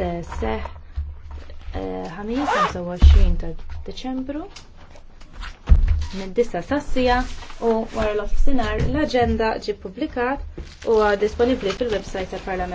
se seħ eh, ħamis 25 ta' Deċembru mid-disa sassija u wara l-offsinar l-agenda ġi publikat u disponibbli fil-website tal-Parlament.